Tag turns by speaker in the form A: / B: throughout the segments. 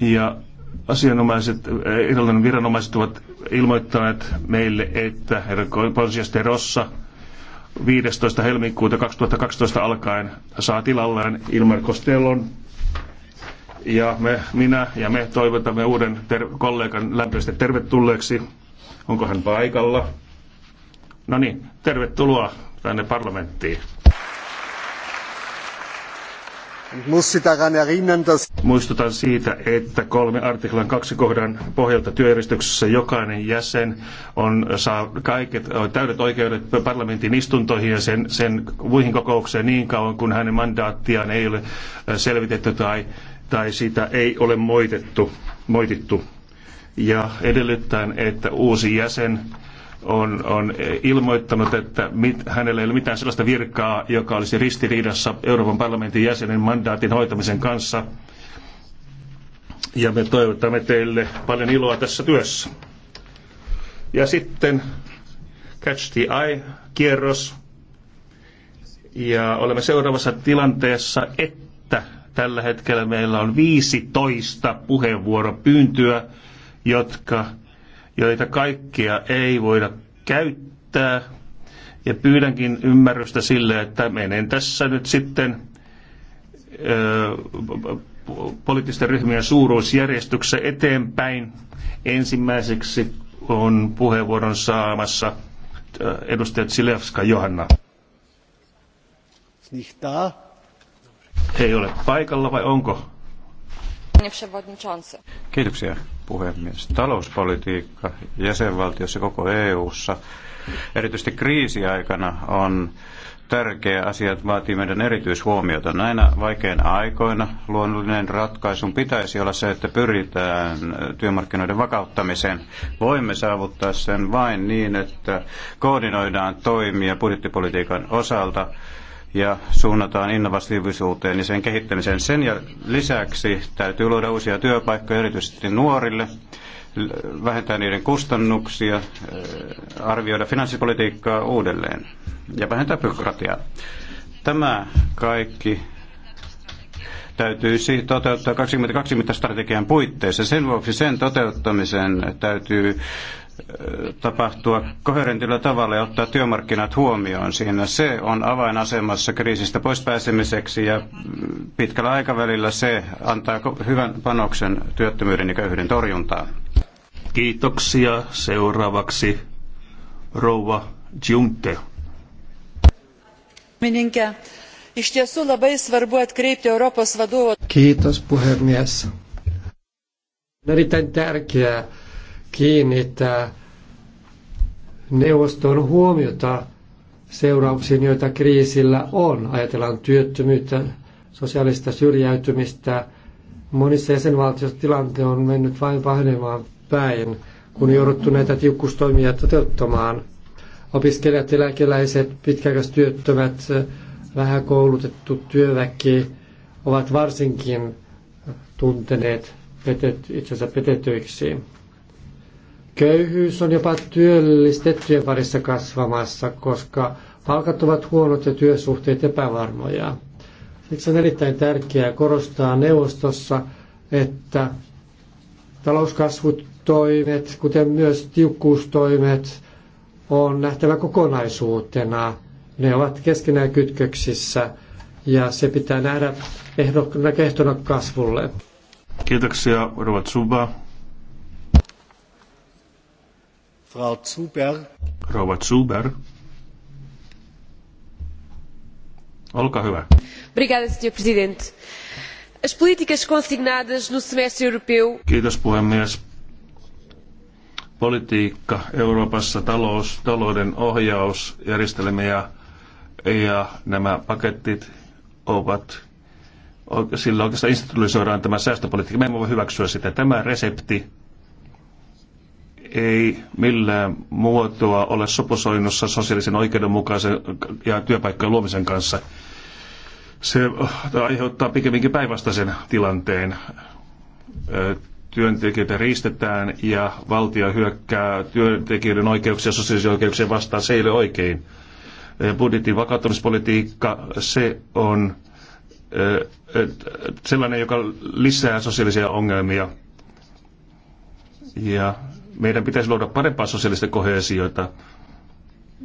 A: Ja asianomaiset eh, Irlannin viranomaiset ovat ilmoittaneet meille, että herra Ponsias de Rossa 15. helmikuuta 2012 alkaen saa tilalleen Ilmar Costellon. Ja me, minä ja me toivotamme uuden ter- kollegan lämpöisesti tervetulleeksi. Onko hän paikalla? No niin, tervetuloa tänne parlamenttiin. Muistutan siitä, että kolme artiklan kaksi kohdan pohjalta työjärjestyksessä jokainen jäsen on, saa kaiket, täydet oikeudet parlamentin istuntoihin ja sen, sen muihin kokoukseen niin kauan, kun hänen mandaattiaan ei ole äh, selvitetty tai, tai sitä ei ole moitettu, moitittu. Ja edellyttäen, että uusi jäsen on, on eh, ilmoittanut, että mit, hänellä ei ole mitään sellaista virkaa, joka olisi ristiriidassa Euroopan parlamentin jäsenen mandaatin hoitamisen kanssa. Ja me toivotamme teille paljon iloa tässä työssä. Ja sitten Catch the Eye-kierros. Ja olemme seuraavassa tilanteessa, että tällä hetkellä meillä on 15 puheenvuoropyyntöä, jotka joita kaikkia ei voida käyttää. Ja pyydänkin ymmärrystä sille, että menen tässä nyt sitten ö, poliittisten ryhmien suuruusjärjestyksessä eteenpäin. Ensimmäiseksi on puheenvuoron saamassa edustaja Tsilevska Johanna. Ei ole paikalla vai onko?
B: Kiitoksia puhemies. Talouspolitiikka jäsenvaltiossa koko EU:ssa, erityisesti kriisiaikana, on tärkeä asia, vaatii meidän erityishuomiota. Näinä vaikeina aikoina luonnollinen ratkaisun pitäisi olla se, että pyritään työmarkkinoiden vakauttamiseen. Voimme saavuttaa sen vain niin, että koordinoidaan toimia budjettipolitiikan osalta ja suunnataan innovatiivisuuteen ja sen kehittämiseen. Sen ja lisäksi täytyy luoda uusia työpaikkoja erityisesti nuorille, vähentää niiden kustannuksia, äh, arvioida finanssipolitiikkaa uudelleen ja vähentää byrokratiaa. Tämä kaikki täytyisi toteuttaa 2020 strategian puitteissa. Sen vuoksi sen toteuttamisen täytyy tapahtua koherentilla tavalla ja ottaa työmarkkinat huomioon siinä. Se on avainasemassa kriisistä pois pääsemiseksi ja pitkällä aikavälillä se antaa hyvän
A: panoksen työttömyyden ja köyhyyden torjuntaan. Kiitoksia. Seuraavaksi rouva Junte.
C: Kiitos puhemies. On erittäin tärkeää, kiinnittää neuvoston huomiota seurauksiin, joita kriisillä on. Ajatellaan työttömyyttä, sosiaalista syrjäytymistä. Monissa jäsenvaltioissa tilante on mennyt vain pahenemaan päin, kun jouduttu näitä tiukkustoimia toteuttamaan. Opiskelijat, eläkeläiset, pitkäaikaistyöttömät, vähän koulutettu työväki ovat varsinkin tunteneet petet, itsensä petetyiksi. Köyhyys on jopa työllistettyjen parissa kasvamassa, koska palkat ovat huonot ja työsuhteet epävarmoja. Siksi on erittäin tärkeää korostaa neuvostossa, että talouskasvutoimet, kuten myös tiukkuustoimet, on nähtävä kokonaisuutena. Ne ovat keskenään kytköksissä ja se pitää nähdä ehtona kasvulle.
A: Kiitoksia, Rovat Suba.
C: Frau Zuber.
A: Rouva Zuber. Olkaa hyvä. Obrigada, senhor presidente. As políticas consignadas no semestre europeu... Kiitos puhemies. Politiikka Euroopassa, talous, talouden ohjausjärjestelmä ja, ja nämä paketit ovat sillä oikeastaan institutionalisoidaan tämä säästöpolitiikka. Me emme voi hyväksyä sitä. Tämä resepti ei millään muotoa ole sopusoinnussa sosiaalisen oikeudenmukaisen ja työpaikkojen luomisen kanssa. Se aiheuttaa pikemminkin päinvastaisen tilanteen. Työntekijöitä riistetään ja valtio hyökkää työntekijöiden oikeuksia ja sosiaalisia oikeuksia vastaan. Se ei ole oikein. Budjetin vakauttamispolitiikka, se on sellainen, joka lisää sosiaalisia ongelmia. Ja meidän pitäisi luoda parempaa sosiaalista kohesioita.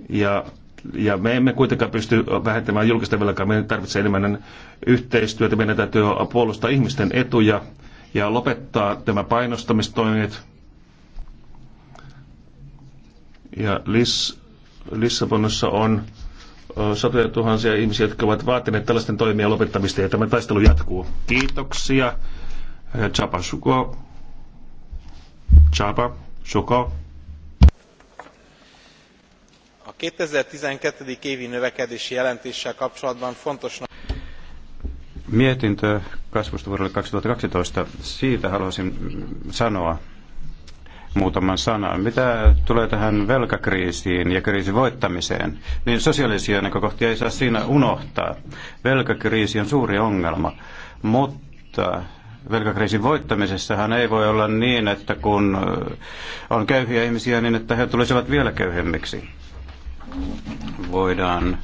A: Ja, ja me emme kuitenkaan pysty vähentämään julkista velkaa. Meidän tarvitsee enemmän yhteistyötä. Meidän täytyy puolustaa ihmisten etuja ja lopettaa tämä painostamistoimet. Ja Liss, Lissabonissa on satoja tuhansia ihmisiä, jotka ovat vaatineet tällaisten toimien lopettamista ja tämä taistelu jatkuu. Kiitoksia. Chapa Suko. Chapa. Soka.
B: A 2012. évi növekedési jelentéssel kapcsolatban fontosnak... Mietintö kasvusta vuodelle 2012. Siitä haluaisin sanoa muutaman sanan. Mitä tulee tähän velkakriisiin ja kriisin voittamiseen, niin sosiaalisia näkökohtia ei saa siinä unohtaa. Velkakriisi on suuri ongelma, mutta velkakriisin voittamisessahan ei voi olla niin, että kun on köyhiä ihmisiä, niin että he tulisivat vielä köyhemmiksi. Voidaan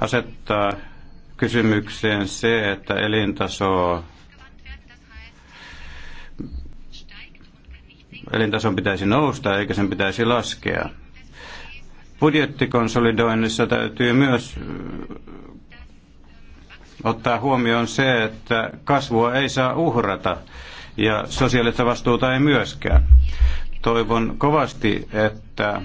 B: asettaa kysymykseen se, että elintaso elintason pitäisi nousta eikä sen pitäisi laskea. Budjettikonsolidoinnissa täytyy myös ottaa huomioon se, että kasvua ei saa uhrata ja sosiaalista vastuuta ei myöskään. Toivon kovasti, että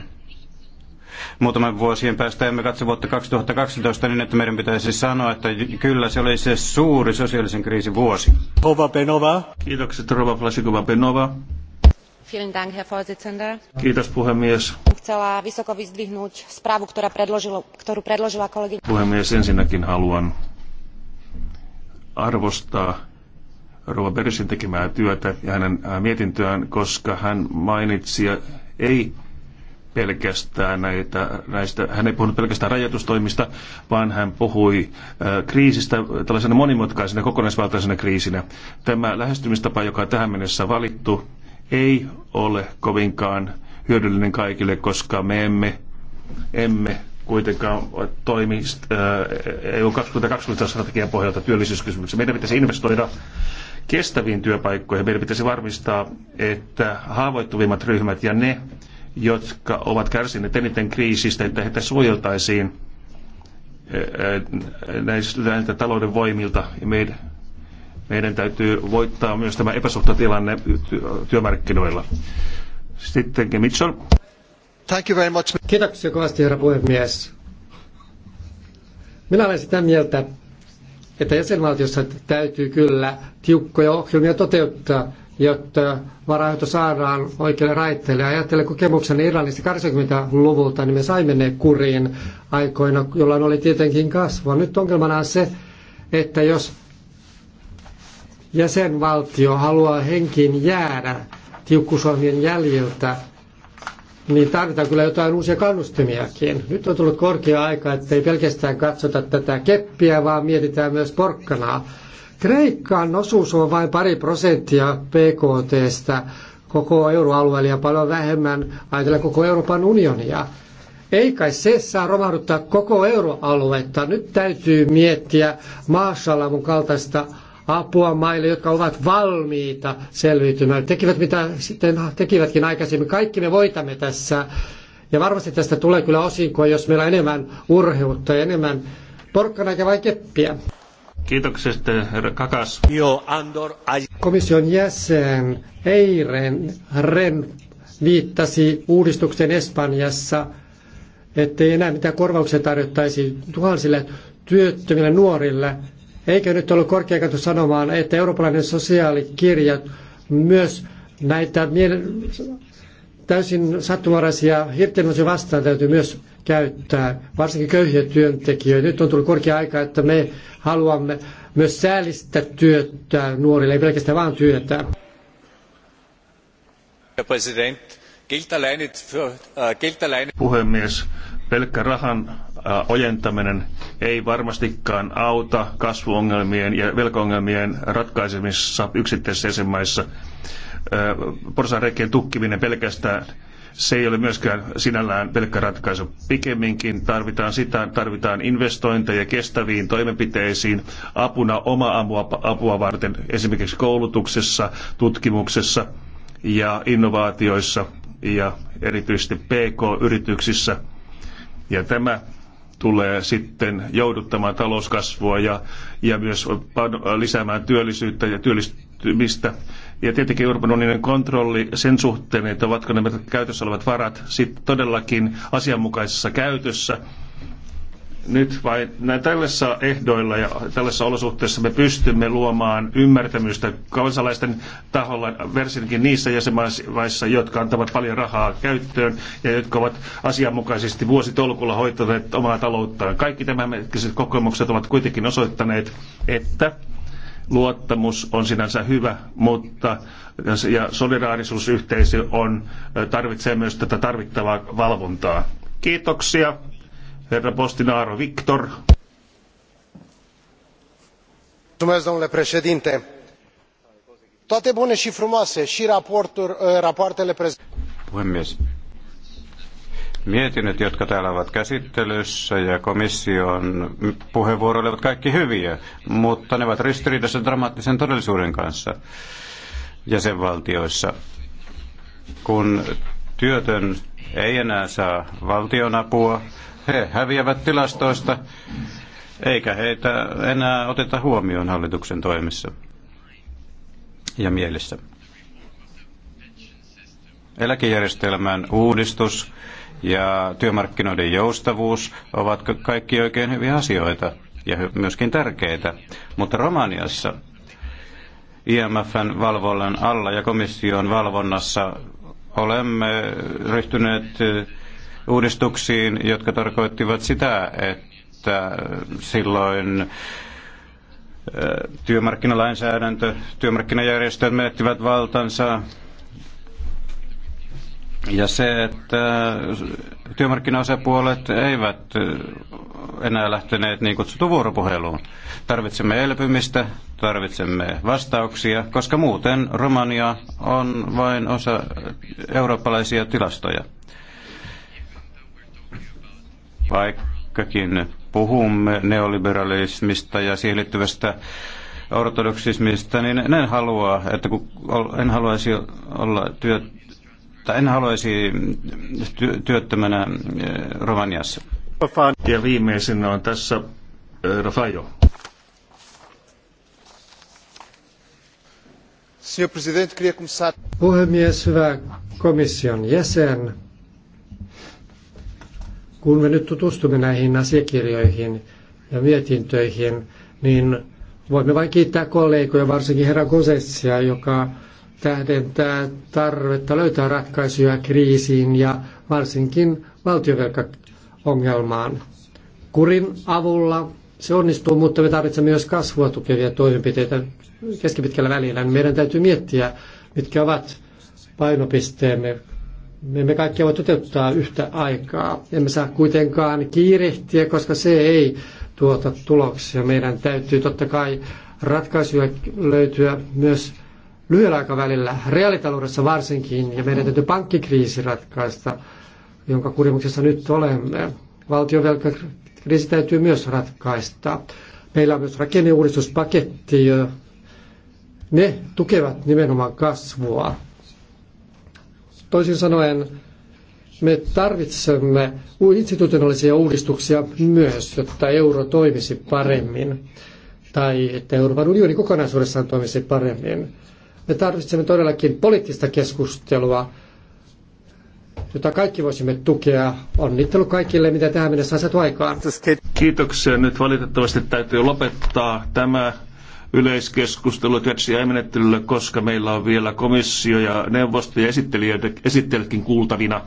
B: muutaman vuosien päästä emme katso vuotta 2012 niin, että meidän pitäisi sanoa, että kyllä se oli se suuri sosiaalisen kriisin
A: vuosi. Rova Benova. Kiitokset Rova Plasikova Benova. Vielen Kiitos puhemies.
B: Chcela vysoko vyzdvihnúť správu, ktorú predložila kolegyňa.
A: Puhemies, ensinnäkin haluan arvostaa Rova Bersin tekemää työtä ja hänen mietintöään, koska hän mainitsi ei pelkästään näitä, näistä, hän ei puhunut pelkästään rajoitustoimista, vaan hän puhui kriisistä tällaisena monimutkaisena kokonaisvaltaisena kriisinä. Tämä lähestymistapa, joka on tähän mennessä valittu, ei ole kovinkaan hyödyllinen kaikille, koska me emme, emme kuitenkaan toimi äh, EU 2020 strategian pohjalta työllisyyskysymyksiä. Meidän pitäisi investoida kestäviin työpaikkoihin. Meidän pitäisi varmistaa, että haavoittuvimmat ryhmät ja ne, jotka ovat kärsineet eniten kriisistä, että heitä suojeltaisiin äh, näiltä talouden voimilta. Meidän, meidän täytyy voittaa myös tämä epäsuhtatilanne työmarkkinoilla. Sittenkin Mitchell.
C: Thank you very much. Kiitoksia kovasti, herra puhemies. Minä olen sitä mieltä, että jäsenvaltiossa täytyy kyllä tiukkoja ohjelmia toteuttaa, jotta varainhoito saadaan oikealle raiteelle. Ajattelen kokemukseni Irlannista 80-luvulta, niin me saimme ne kuriin aikoina, jolloin oli tietenkin kasvua. Nyt ongelmana on se, että jos jäsenvaltio haluaa henkiin jäädä tiukkusohjelmien jäljiltä, niin tarvitaan kyllä jotain uusia kannustimiakin. Nyt on tullut korkea aika, että ei pelkästään katsota tätä keppiä, vaan mietitään myös porkkanaa. Kreikkaan osuus on vain pari prosenttia PKTstä koko euroalueella ja paljon vähemmän ajatella koko Euroopan unionia. Ei kai se saa romahduttaa koko euroaluetta. Nyt täytyy miettiä Maashallamun kaltaista apua maille, jotka ovat valmiita selviytymään. Tekivät mitä sitten tekivätkin aikaisemmin. Kaikki me voitamme tässä. Ja varmasti tästä tulee kyllä osinkoa, jos meillä on enemmän urheutta ja enemmän porkkana ja vai keppiä.
A: Kiitoksia herra Kakas.
C: Komission jäsen Eiren Ren viittasi uudistuksen Espanjassa, ettei enää mitään korvauksia tarjottaisi tuhansille työttömille nuorille – Eikö nyt ollut korkeakanto sanomaan, että eurooppalainen sosiaalikirja myös näitä täysin sattumaraisia hirtelmäisiä vastaan täytyy myös käyttää, varsinkin köyhiä työntekijöitä. Nyt on tullut korkea aika, että me haluamme myös säällistä työtä nuorille, ei pelkästään vaan työtä. Äh, Puhemies, pelkkä rahan Äh,
A: ojentaminen ei varmastikaan auta kasvuongelmien ja velkaongelmien ratkaisemisessa yksittäisissä jäsenmaissa. Äh, Porsanreikien tukkiminen pelkästään se ei ole myöskään sinällään pelkkä ratkaisu. Pikemminkin tarvitaan sitä, tarvitaan investointeja kestäviin toimenpiteisiin apuna oma apua, apua varten, esimerkiksi koulutuksessa, tutkimuksessa ja innovaatioissa ja erityisesti PK-yrityksissä. Ja tämä tulee sitten jouduttamaan talouskasvua ja, ja myös lisäämään työllisyyttä ja työllistymistä. Ja tietenkin Euroopan unionin kontrolli sen suhteen, että ovatko nämä käytössä olevat varat sitten todellakin asianmukaisessa käytössä nyt vai näin tällaisissa ehdoilla ja tällaisissa olosuhteissa me pystymme luomaan ymmärtämystä kansalaisten taholla, varsinkin niissä jäsenmaissa, jotka antavat paljon rahaa käyttöön ja jotka ovat asianmukaisesti vuositolkulla hoitaneet omaa talouttaan. Kaikki tämänhetkiset kokemukset ovat kuitenkin osoittaneet, että luottamus on sinänsä hyvä, mutta ja solidaarisuusyhteisö on, tarvitsee myös tätä tarvittavaa valvontaa. Kiitoksia. Herra Postinaaro
C: Viktor. Mulțumesc, domnule președinte. Toate bune și frumoase, și raportul, rapoartele prezentate.
B: Puhemies. Mietinnöt, jotka täällä ovat käsittelyssä ja komission puheenvuoro olivat kaikki hyviä, mutta ne ovat ristiriidassa dramaattisen todellisuuden kanssa jäsenvaltioissa. Kun työtön ei enää saa valtionapua, he häviävät tilastoista, eikä heitä enää oteta huomioon hallituksen toimissa ja mielessä. Eläkejärjestelmän uudistus ja työmarkkinoiden joustavuus ovat kaikki oikein hyviä asioita ja myöskin tärkeitä. Mutta Romaniassa IMFn valvollan alla ja komission valvonnassa olemme ryhtyneet uudistuksiin, jotka tarkoittivat sitä, että silloin työmarkkinalainsäädäntö, työmarkkinajärjestöt menettivät valtansa ja se, että työmarkkinaosapuolet eivät enää lähteneet niin kutsuttuun vuoropuheluun. Tarvitsemme elpymistä, tarvitsemme vastauksia, koska muuten Romania on vain osa eurooppalaisia tilastoja vaikkakin puhumme neoliberalismista ja siihen liittyvästä ortodoksismista, niin en halua, että kun en haluaisi olla työ, tai en haluaisi työ, työttömänä eh, Romaniassa. Ja
A: viimeisenä on tässä eh, Rafaio.
C: Puhemies, hyvä komission jäsen. Kun me nyt tutustumme näihin asiakirjoihin ja mietintöihin, niin voimme vain kiittää kollegoja, varsinkin herra Kosessia, joka tähdentää tarvetta löytää ratkaisuja kriisiin ja varsinkin valtiovelkaongelmaan. Kurin avulla se onnistuu, mutta me tarvitsemme myös kasvua tukevia toimenpiteitä keskipitkällä välillä. Meidän täytyy miettiä, mitkä ovat painopisteemme me emme kaikkia voi toteuttaa yhtä aikaa. Emme saa kuitenkaan kiirehtiä, koska se ei tuota tuloksia. Meidän täytyy totta kai ratkaisuja löytyä myös lyhyellä aikavälillä, reaalitaloudessa varsinkin, ja meidän täytyy pankkikriisi ratkaista, jonka kurimuksessa nyt olemme. Valtionvelkakriisi täytyy myös ratkaista. Meillä on myös rakenneuudistuspaketti, ne tukevat nimenomaan kasvua Toisin sanoen, me tarvitsemme institutionaalisia uudistuksia myös, jotta euro toimisi paremmin tai että Euroopan unioni kokonaisuudessaan toimisi paremmin. Me tarvitsemme todellakin poliittista keskustelua, jota kaikki voisimme tukea. Onnittelu kaikille, mitä tähän mennessä on saatu aikaan.
A: Kiitoksia. Nyt valitettavasti täytyy lopettaa tämä yleiskeskustelu TCI-menettelylle, koska meillä on vielä komissio ja neuvosto ja esittelijätkin kuultavina.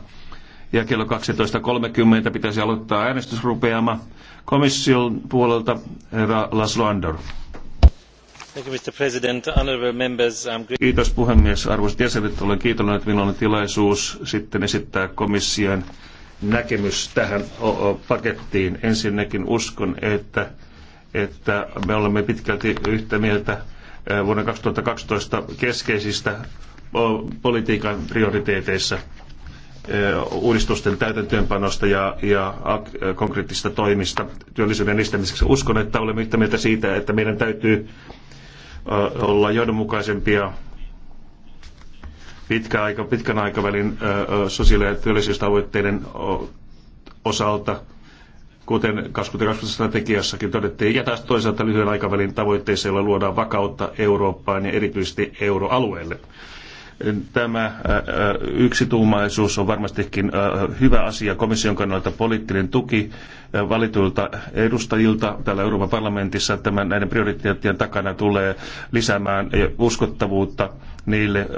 A: Ja kello 12.30 pitäisi aloittaa äänestysrupeama komission puolelta herra Laszlo Andor. Kiitos puhemies. Arvoisat jäsenet, olen kiitollinen, että minulla on tilaisuus sitten esittää komission näkemys tähän pakettiin. Ensinnäkin uskon, että että me olemme pitkälti yhtä mieltä vuonna 2012 keskeisistä politiikan prioriteeteissa uudistusten täytäntöönpanosta ja, ja konkreettista toimista työllisyyden edistämiseksi. Uskon, että olemme yhtä mieltä siitä, että meidän täytyy olla johdonmukaisempia pitkä aika, pitkän aikavälin sosiaali- ja työllisyystavoitteiden osalta – kuten 2020 strategiassakin todettiin, ja taas toisaalta lyhyen aikavälin tavoitteissa, joilla luodaan vakautta Eurooppaan ja erityisesti euroalueelle. Tämä yksituumaisuus on varmastikin hyvä asia komission kannalta poliittinen tuki valituilta edustajilta täällä Euroopan parlamentissa. Tämän näiden prioriteettien takana tulee lisäämään uskottavuutta niille,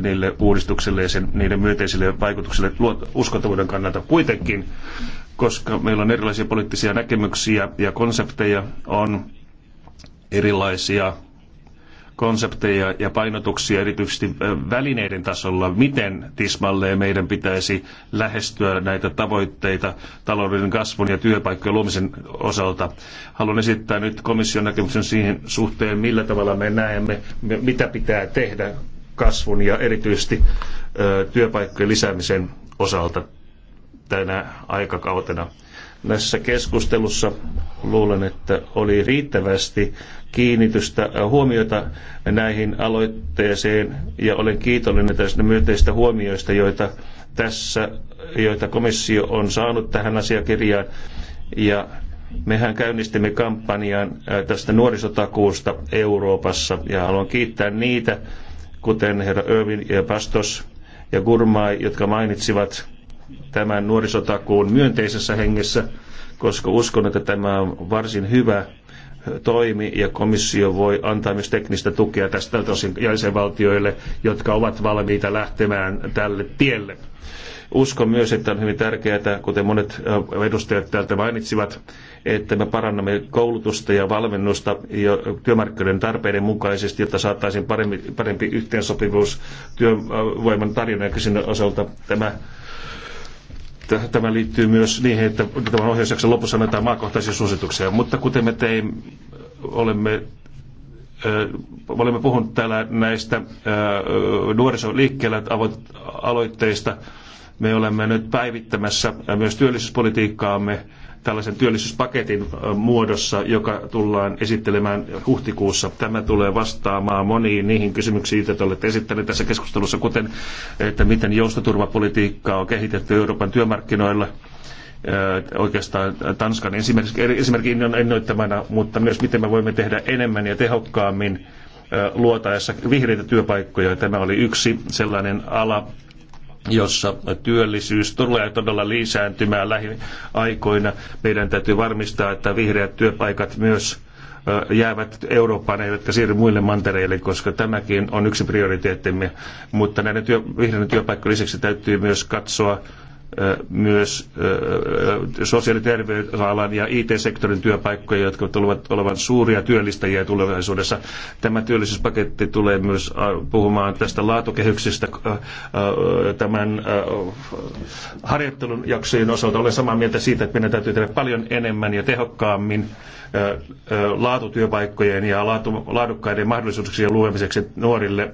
A: niille uudistuksille ja sen, niiden myönteisille vaikutuksille uskottavuuden kannalta. Kuitenkin, koska meillä on erilaisia poliittisia näkemyksiä ja konsepteja, on erilaisia konsepteja ja painotuksia erityisesti välineiden tasolla, miten tismalleen meidän pitäisi lähestyä näitä tavoitteita talouden kasvun ja työpaikkojen luomisen osalta. Haluan esittää nyt komission näkemyksen siihen suhteen, millä tavalla me näemme, mitä pitää tehdä kasvun ja erityisesti työpaikkojen lisäämisen osalta tänä aikakautena tässä keskustelussa luulen, että oli riittävästi kiinnitystä äh, huomiota näihin aloitteeseen ja olen kiitollinen tästä myönteistä huomioista, joita tässä, joita komissio on saanut tähän asiakirjaan. Ja mehän käynnistimme kampanjan äh, tästä nuorisotakuusta Euroopassa ja haluan kiittää niitä, kuten herra Irvin ja Pastos ja Gurmai, jotka mainitsivat tämän nuorisotakuun myönteisessä hengessä, koska uskon, että tämä on varsin hyvä toimi ja komissio voi antaa myös teknistä tukea tästä tosin jäsenvaltioille, jotka ovat valmiita lähtemään tälle tielle. Uskon myös, että on hyvin tärkeää, kuten monet äh, edustajat täältä mainitsivat, että me parannamme koulutusta ja valmennusta ja työmarkkinoiden tarpeiden mukaisesti, jotta saataisiin parempi, parempi yhteensopivuus työvoiman tarjonnan ja kysynnän osalta. Tämä Tämä liittyy myös niihin, että tämän ohjausjakson lopussa annetaan maakohtaisia suosituksia. Mutta kuten me teimme, olemme olemme puhunut täällä näistä nuorisoliikkeellä aloitteista. Me olemme nyt päivittämässä myös työllisyyspolitiikkaamme tällaisen työllisyyspaketin muodossa, joka tullaan esittelemään huhtikuussa. Tämä tulee vastaamaan moniin niihin kysymyksiin, joita te olette esittäneet tässä keskustelussa, kuten että miten joustoturvapolitiikkaa on kehitetty Euroopan työmarkkinoilla, oikeastaan Tanskan esimerkin on ennoittamana, mutta myös miten me voimme tehdä enemmän ja tehokkaammin luotaessa vihreitä työpaikkoja. Tämä oli yksi sellainen ala, jossa työllisyys tulee todella lisääntymään lähiaikoina. Meidän täytyy varmistaa, että vihreät työpaikat myös jäävät Eurooppaan eivätkä siirry muille mantereille, koska tämäkin on yksi prioriteettimme. Mutta näiden työ, vihreiden työpaikkojen lisäksi täytyy myös katsoa myös sosiaali- ja terveysalan ja IT-sektorin työpaikkoja, jotka tulevat olevan suuria työllistäjiä tulevaisuudessa. Tämä työllisyyspaketti tulee myös puhumaan tästä laatukehyksestä tämän harjoittelun jaksojen osalta. Olen samaa mieltä siitä, että meidän täytyy tehdä paljon enemmän ja tehokkaammin laatutyöpaikkojen ja laadukkaiden mahdollisuuksien luomiseksi nuorille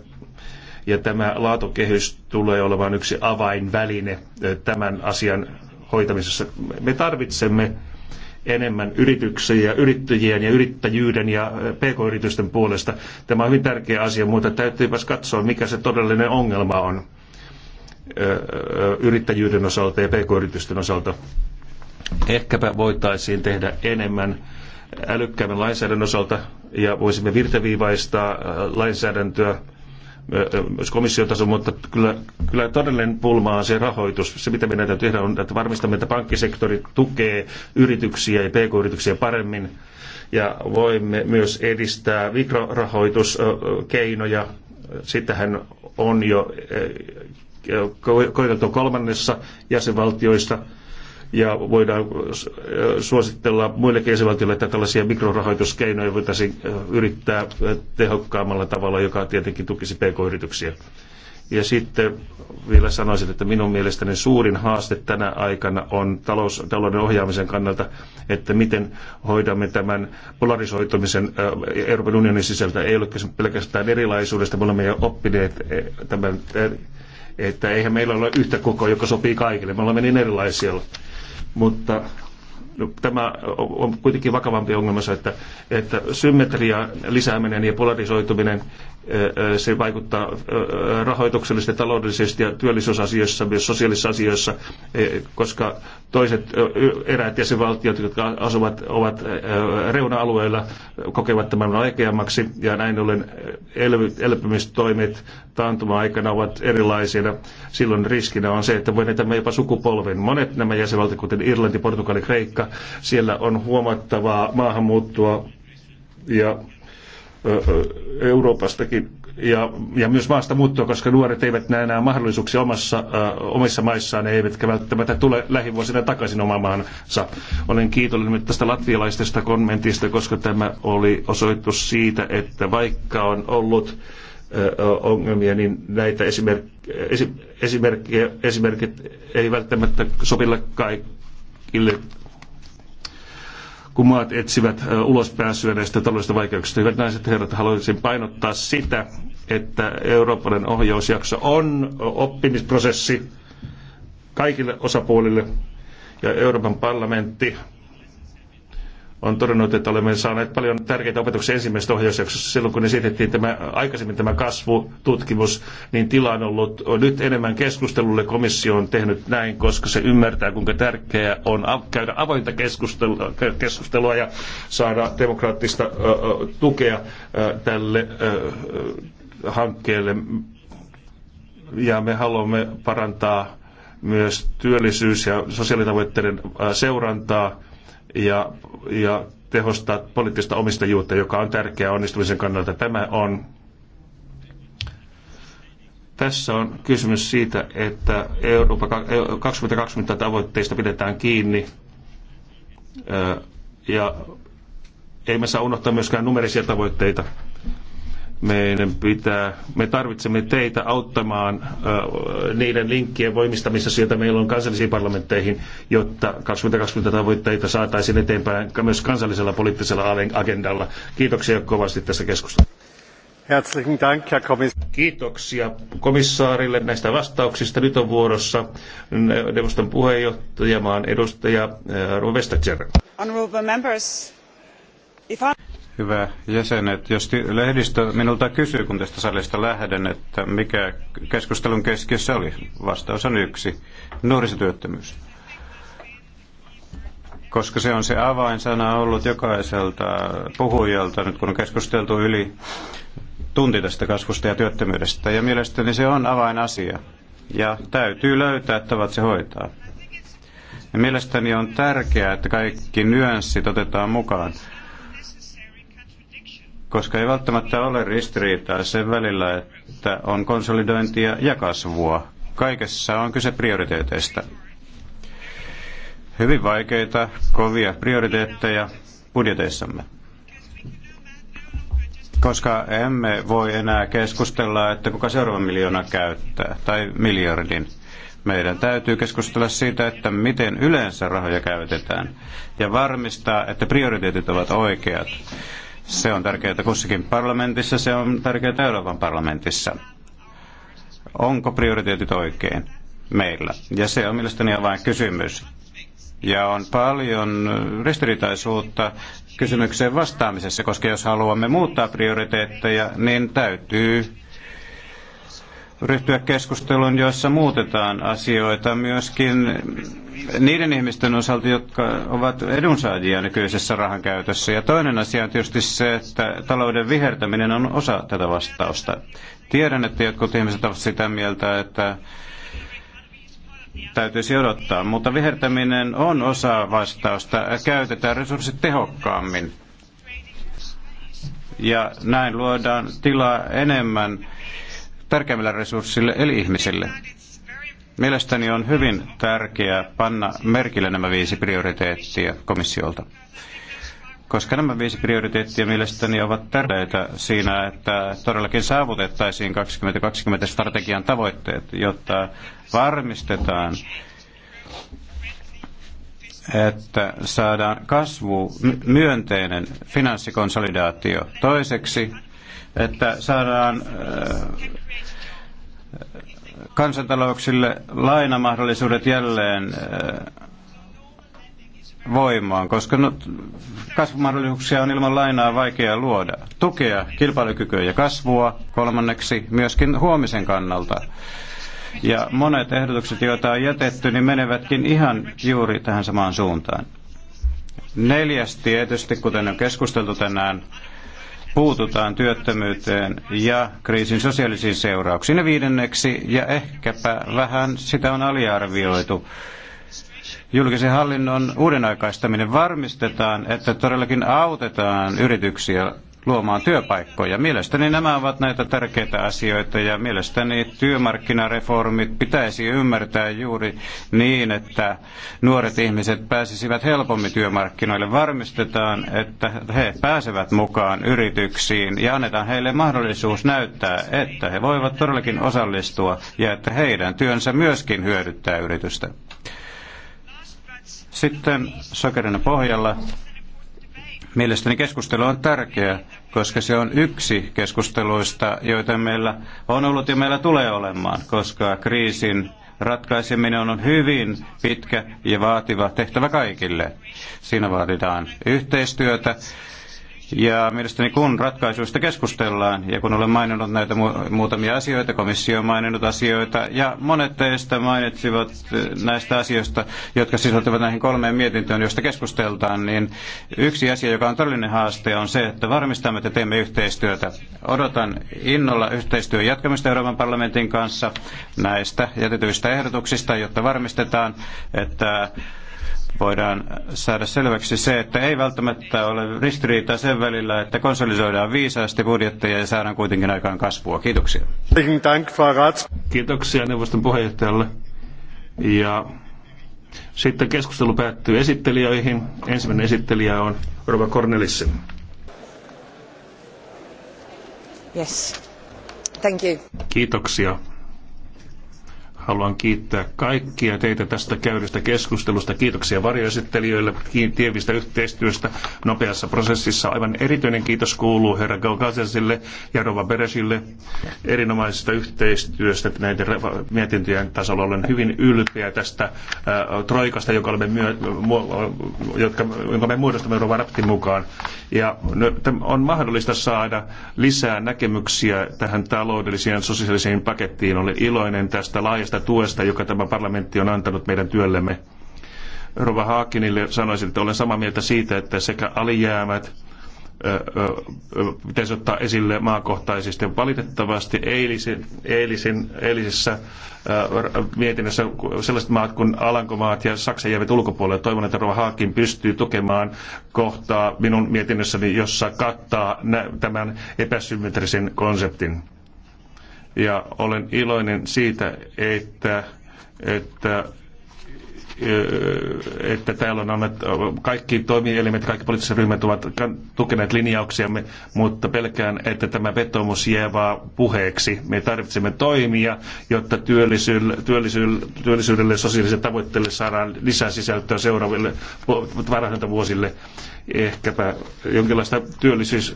A: ja tämä laatokehys tulee olemaan yksi avainväline tämän asian hoitamisessa. Me tarvitsemme enemmän yrityksiä, yrittäjien ja yrittäjyyden ja pk-yritysten puolesta. Tämä on hyvin tärkeä asia, mutta täytyy myös katsoa, mikä se todellinen ongelma on yrittäjyyden osalta ja pk-yritysten osalta. Ehkäpä voitaisiin tehdä enemmän älykkäämmän lainsäädännön osalta ja voisimme virtaviivaistaa lainsäädäntöä myös komission tasolla, mutta kyllä, kyllä todellinen pulma on se rahoitus. Se, mitä meidän täytyy tehdä, on, että varmistamme, että pankkisektori tukee yrityksiä ja pk-yrityksiä paremmin. Ja voimme myös edistää mikrorahoituskeinoja. Sitähän on jo koiteltu kolmannessa jäsenvaltioista – ja voidaan äh, suositella muillekin jäsenvaltioille, että tällaisia mikrorahoituskeinoja voitaisiin äh, yrittää äh, tehokkaammalla tavalla, joka tietenkin tukisi pk-yrityksiä. Ja sitten vielä sanoisin, että minun mielestäni suurin haaste tänä aikana on talous, talouden ohjaamisen kannalta, että miten hoidamme tämän polarisoitumisen Euroopan unionin sisältä. Ei ole kyse pelkästään erilaisuudesta, me olemme jo oppineet tämän, että eihän meillä ole yhtä koko, joka sopii kaikille. Me olemme niin erilaisia mutta tämä on kuitenkin vakavampi ongelma, että, että symmetria lisääminen ja polarisoituminen se vaikuttaa rahoituksellisesti, taloudellisesti ja työllisyysasioissa, myös sosiaalisissa asioissa, e, koska toiset eräät jäsenvaltiot, jotka asuvat, ovat reuna-alueilla, kokevat tämän vaikeammaksi ja näin ollen elpymistoimet taantuma-aikana ovat erilaisia. Silloin riskinä on se, että voi näitä jopa sukupolven. Monet nämä jäsenvaltiot, kuten Irlanti, Portugali, Kreikka, siellä on huomattavaa maahanmuuttoa ja Euroopastakin ja, ja myös maasta muuttua, koska nuoret eivät näe enää mahdollisuuksia omassa, äh, omissa maissaan, ne eivätkä välttämättä tule lähivuosina takaisin omaan maansa. Olen kiitollinen tästä latvialaisesta kommentista, koska tämä oli osoitus siitä, että vaikka on ollut ongelmia, niin näitä esimerk, esimerkkejä, esimerkit ei välttämättä sopilla kaikille kun maat etsivät ulospääsyä näistä taloudellisista vaikeuksista. Hyvät naiset ja herrat, haluaisin painottaa sitä, että Euroopan ohjausjakso on oppimisprosessi kaikille osapuolille ja Euroopan parlamentti on todennut, että olemme saaneet paljon tärkeitä opetuksia ensimmäisessä ohjausjaksossa. Silloin kun esitettiin tämä, aikaisemmin tämä kasvututkimus, niin tila on ollut nyt enemmän keskustelulle. Komissio on tehnyt näin, koska se ymmärtää, kuinka tärkeää on käydä avointa keskustelua, keskustelua ja saada demokraattista tukea tälle hankkeelle. Ja me haluamme parantaa myös työllisyys- ja sosiaalitavoitteiden seurantaa ja, ja tehostaa poliittista omistajuutta, joka on tärkeää onnistumisen kannalta. Tämä on tässä on kysymys siitä, että Eurooppa 2020 tavoitteista pidetään kiinni ja ei me saa unohtaa myöskään numerisia tavoitteita meidän pitää, me tarvitsemme teitä auttamaan ö, niiden linkkien voimistamista sieltä meillä on kansallisiin parlamentteihin, jotta 2020 tavoitteita saataisiin eteenpäin myös kansallisella poliittisella agendalla. Kiitoksia kovasti tästä keskustelusta. Kiitoksia komissaarille näistä vastauksista. Nyt on vuorossa neuvoston puheenjohtajamaan edustaja Rovesta Tjärä.
B: Hyvä jäsenet, jos lehdistö minulta kysyy, kun tästä salista lähden, että mikä keskustelun keskiössä oli, vastaus on yksi, nuorisotyöttömyys. Koska se on se avainsana ollut jokaiselta puhujalta, nyt kun on keskusteltu yli tunti tästä kasvusta ja työttömyydestä. Ja mielestäni se on avainasia. Ja täytyy löytää että ovat se hoitaa. Ja mielestäni on tärkeää, että kaikki nyanssit otetaan mukaan koska ei välttämättä ole ristiriitaa sen välillä, että on konsolidointia ja kasvua. Kaikessa on kyse prioriteeteista. Hyvin vaikeita, kovia prioriteetteja budjeteissamme. Koska emme voi enää keskustella, että kuka seuraava miljoona käyttää, tai miljardin. Meidän täytyy keskustella siitä, että miten yleensä rahoja käytetään, ja varmistaa, että prioriteetit ovat oikeat se on tärkeää kussakin parlamentissa, se on tärkeää Euroopan parlamentissa. Onko prioriteetit oikein meillä? Ja se on mielestäni vain kysymys. Ja on paljon ristiriitaisuutta kysymykseen vastaamisessa, koska jos haluamme muuttaa prioriteetteja, niin täytyy ryhtyä keskusteluun, joissa muutetaan asioita myöskin niiden ihmisten osalta, jotka ovat edunsaajia nykyisessä rahan käytössä. Ja toinen asia on tietysti se, että talouden vihertäminen on osa tätä vastausta. Tiedän, että jotkut ihmiset ovat sitä mieltä, että täytyisi odottaa, mutta vihertäminen on osa vastausta. Käytetään resurssit tehokkaammin. Ja näin luodaan tilaa enemmän tärkeimmille resurssille eli ihmisille. Mielestäni on hyvin tärkeää panna merkille nämä viisi prioriteettia komissiolta, koska nämä viisi prioriteettia mielestäni ovat tärkeitä siinä, että todellakin saavutettaisiin 2020 strategian tavoitteet, jotta varmistetaan, että saadaan kasvu myönteinen finanssikonsolidaatio. Toiseksi että saadaan äh, kansantalouksille lainamahdollisuudet jälleen äh, voimaan, koska no, kasvumahdollisuuksia on ilman lainaa vaikea luoda. Tukea kilpailukykyä ja kasvua kolmanneksi myöskin huomisen kannalta. Ja monet ehdotukset, joita on jätetty, niin menevätkin ihan juuri tähän samaan suuntaan. Neljäs tietysti, kuten on keskusteltu tänään, puututaan työttömyyteen ja kriisin sosiaalisiin seurauksiin. Ja viidenneksi, ja ehkäpä vähän sitä on aliarvioitu, julkisen hallinnon uudenaikaistaminen varmistetaan, että todellakin autetaan yrityksiä luomaan työpaikkoja. Mielestäni nämä ovat näitä tärkeitä asioita ja mielestäni työmarkkinareformit pitäisi ymmärtää juuri niin, että nuoret ihmiset pääsisivät helpommin työmarkkinoille. Varmistetaan, että he pääsevät mukaan yrityksiin ja annetaan heille mahdollisuus näyttää, että he voivat todellakin osallistua ja että heidän työnsä myöskin hyödyttää yritystä. Sitten sokerina pohjalla Mielestäni keskustelu on tärkeä, koska se on yksi keskusteluista, joita meillä on ollut ja meillä tulee olemaan, koska kriisin ratkaiseminen on hyvin pitkä ja vaativa tehtävä kaikille. Siinä vaaditaan yhteistyötä ja mielestäni kun ratkaisuista keskustellaan, ja kun olen maininnut näitä muutamia asioita, komissio on maininnut asioita, ja monet teistä mainitsivat eh, näistä asioista, jotka sisältyvät näihin kolmeen mietintöön, joista keskusteltaan, niin yksi asia, joka on todellinen haaste, on se, että varmistamme, että teemme yhteistyötä. Odotan innolla yhteistyön jatkamista Euroopan parlamentin kanssa näistä jätetyistä ehdotuksista, jotta varmistetaan, että voidaan saada selväksi se, että ei välttämättä ole ristiriitaa sen välillä, että konsolisoidaan viisaasti budjetteja ja saadaan kuitenkin aikaan
A: kasvua. Kiitoksia. Kiitoksia neuvoston puheenjohtajalle. Ja sitten keskustelu päättyy esittelijöihin. Ensimmäinen esittelijä on Rova Cornelissen.
C: Yes. Thank you.
A: Kiitoksia. Haluan kiittää kaikkia teitä tästä käydystä keskustelusta. Kiitoksia varjoesittelijöille tiivistä yhteistyöstä nopeassa prosessissa. Aivan erityinen kiitos kuuluu herra Gaukasesille ja Rova Beresille erinomaisesta yhteistyöstä näiden mietintöjen tasolla. Olen hyvin ylpeä tästä äh, troikasta, joka olemme myö, jotka, jonka me muodostamme Rova Raptin mukaan. Ja on mahdollista saada lisää näkemyksiä tähän taloudelliseen ja sosiaaliseen pakettiin. Olen iloinen tästä laajasta siitä tuesta, joka tämä parlamentti on antanut meidän työllemme. Rova Haakinille sanoisin, että olen samaa mieltä siitä, että sekä alijäämät pitäisi ottaa esille maakohtaisesti. Valitettavasti eilisin, eilisin, eilisessä mietinnössä sellaiset maat kuin Alankomaat ja Saksa jäivät ulkopuolelle. Toivon, että Rova Haakin pystyy tukemaan kohtaa minun mietinnössäni, jossa kattaa tämän epäsymmetrisen konseptin. Ja olen iloinen siitä, että, että että täällä on annettu, kaikki toimielimet, kaikki poliittiset ryhmät ovat tukeneet linjauksiamme, mutta pelkään, että tämä vetomus jää vaan puheeksi. Me tarvitsemme toimia, jotta työllisyydelle, työllisyydelle, työllisyydelle sosiaalisille tavoitteille saadaan lisää sisältöä seuraaville varhaisilta vuosille ehkäpä jonkinlaista työllisyys,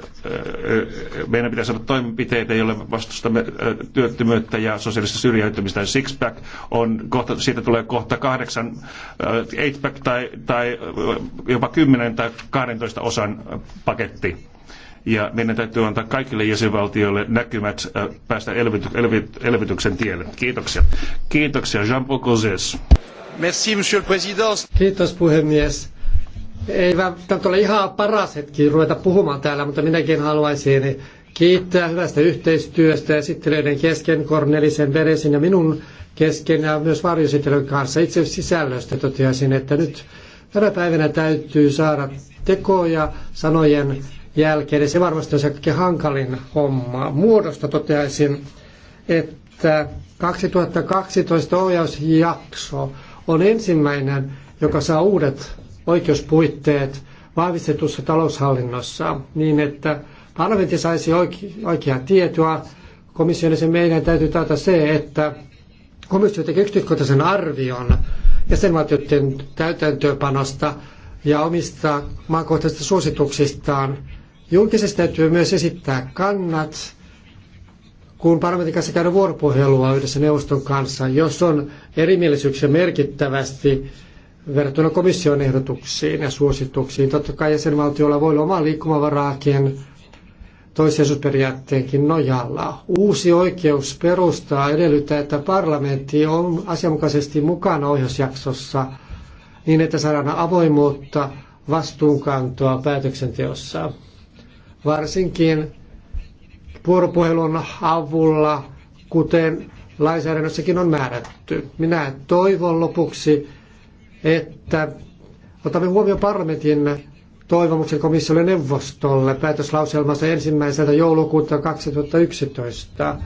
A: meidän pitäisi olla toimenpiteitä, joilla vastustamme työttömyyttä ja sosiaalista syrjäytymistä. Sixpack on kohta, siitä tulee kohta kahdeksan, eightpack tai, tai jopa kymmenen tai 12 osan paketti ja meidän täytyy antaa kaikille jäsenvaltioille näkymät päästä elvyty, elvy, elvytyksen tielle. Kiitoksia. Kiitoksia Jean-Paul
C: Merci, monsieur le président. Kiitos puhemies ei välttämättä ole ihan paras hetki ruveta puhumaan täällä, mutta minäkin haluaisin kiittää hyvästä yhteistyöstä esittelyiden kesken, Kornelisen, Veresin ja minun kesken ja myös varjoesittelyn kanssa. Itse sisällöstä toteaisin, että nyt tänä päivänä täytyy saada tekoja sanojen jälkeen. Ja se varmasti on se kaikkein hankalin homma. Muodosta toteaisin, että 2012 ohjausjakso on ensimmäinen, joka saa uudet oikeuspuitteet vahvistetussa taloushallinnossa niin, että parlamentti saisi oikeaa tietoa komission sen meidän täytyy taata se, että komissio tekee yksityiskohtaisen arvion jäsenvaltioiden täytäntöönpanosta ja omista maankohtaisista suosituksistaan. Julkisesti täytyy myös esittää kannat, kun parlamentin kanssa käydään vuoropuhelua yhdessä neuvoston kanssa, jos on erimielisyyksiä merkittävästi verrattuna komission ehdotuksiin ja suosituksiin. Totta kai jäsenvaltiolla voi olla omaa liikkumavaraakin toissijaisuusperiaatteenkin nojalla. Uusi oikeus perustaa edellyttää, että parlamentti on asianmukaisesti mukana ohjausjaksossa niin, että saadaan avoimuutta vastuunkantoa päätöksenteossa. Varsinkin vuoropuhelun avulla, kuten lainsäädännössäkin on määrätty. Minä toivon lopuksi, että otamme huomioon parlamentin toivomuksen komissiolle neuvostolle päätöslauselmansa ensimmäiseltä joulukuuta 2011.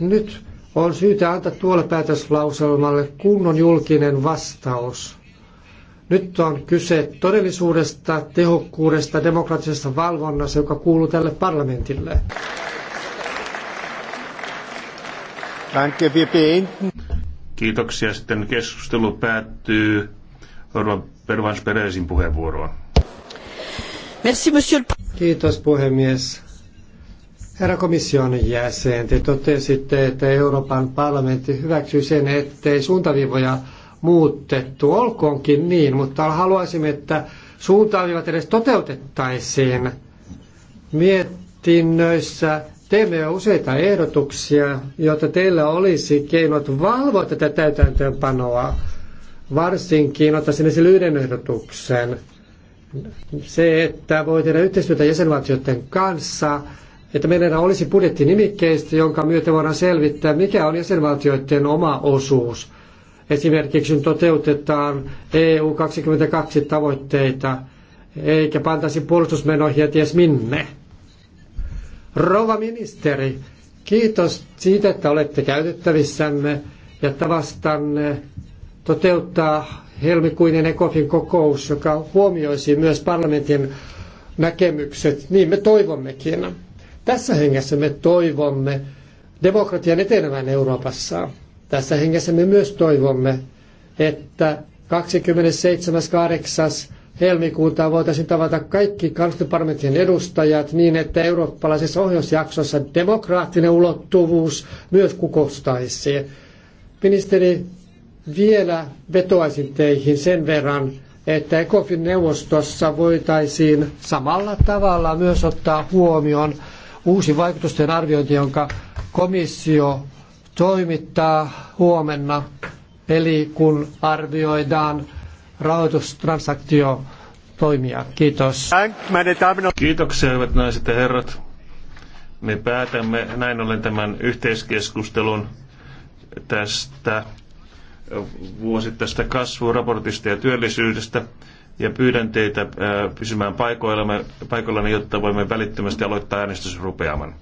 C: Nyt on syytä antaa tuolle päätöslauselmalle kunnon julkinen vastaus. Nyt on kyse todellisuudesta, tehokkuudesta, demokraattisesta valvonnasta, joka kuuluu tälle parlamentille.
A: Kiitoksia. Sitten keskustelu päättyy Pervans Peresin puheenvuoroa.
C: Merci, monsieur. Kiitos puhemies. Herra komission jäsen, te totesitte, että Euroopan parlamentti hyväksyi sen, ettei suuntaviivoja muutettu. Olkoonkin niin, mutta haluaisimme, että suuntaviivat edes toteutettaisiin. Mietinnöissä teemme jo useita ehdotuksia, jotta teillä olisi keinot valvoa tätä täytäntöönpanoa. Varsinkin ottaisin esille yhden ehdotuksen. Se, että voi tehdä yhteistyötä jäsenvaltioiden kanssa, että meidän olisi budjettinimikkeistä, jonka myötä voidaan selvittää, mikä on jäsenvaltioiden oma osuus. Esimerkiksi toteutetaan EU 22 tavoitteita, eikä pantaisi puolustusmenoihin ties minne. Rova ministeri, kiitos siitä, että olette käytettävissämme ja tavastanne toteuttaa helmikuinen ECOFIN kokous, joka huomioisi myös parlamentin näkemykset, niin me toivommekin. Tässä hengessä me toivomme demokratian etenevän Euroopassa. Tässä hengessä me myös toivomme, että 27.8. helmikuuta voitaisiin tavata kaikki kansallisten edustajat niin, että eurooppalaisessa ohjausjaksossa demokraattinen ulottuvuus myös kukostaisi. Ministeri vielä vetoaisin teihin sen verran, että ECOFIN neuvostossa voitaisiin samalla tavalla myös ottaa huomioon uusi vaikutusten arviointi, jonka komissio toimittaa huomenna, eli kun arvioidaan rahoitustransaktio toimia. Kiitos.
A: Kiitoksia, hyvät naiset ja herrat. Me päätämme näin ollen tämän yhteiskeskustelun tästä vuosittaisesta kasvuraportista ja työllisyydestä ja pyydän teitä pysymään paikoillani, jotta voimme välittömästi aloittaa äänestysrupeaman.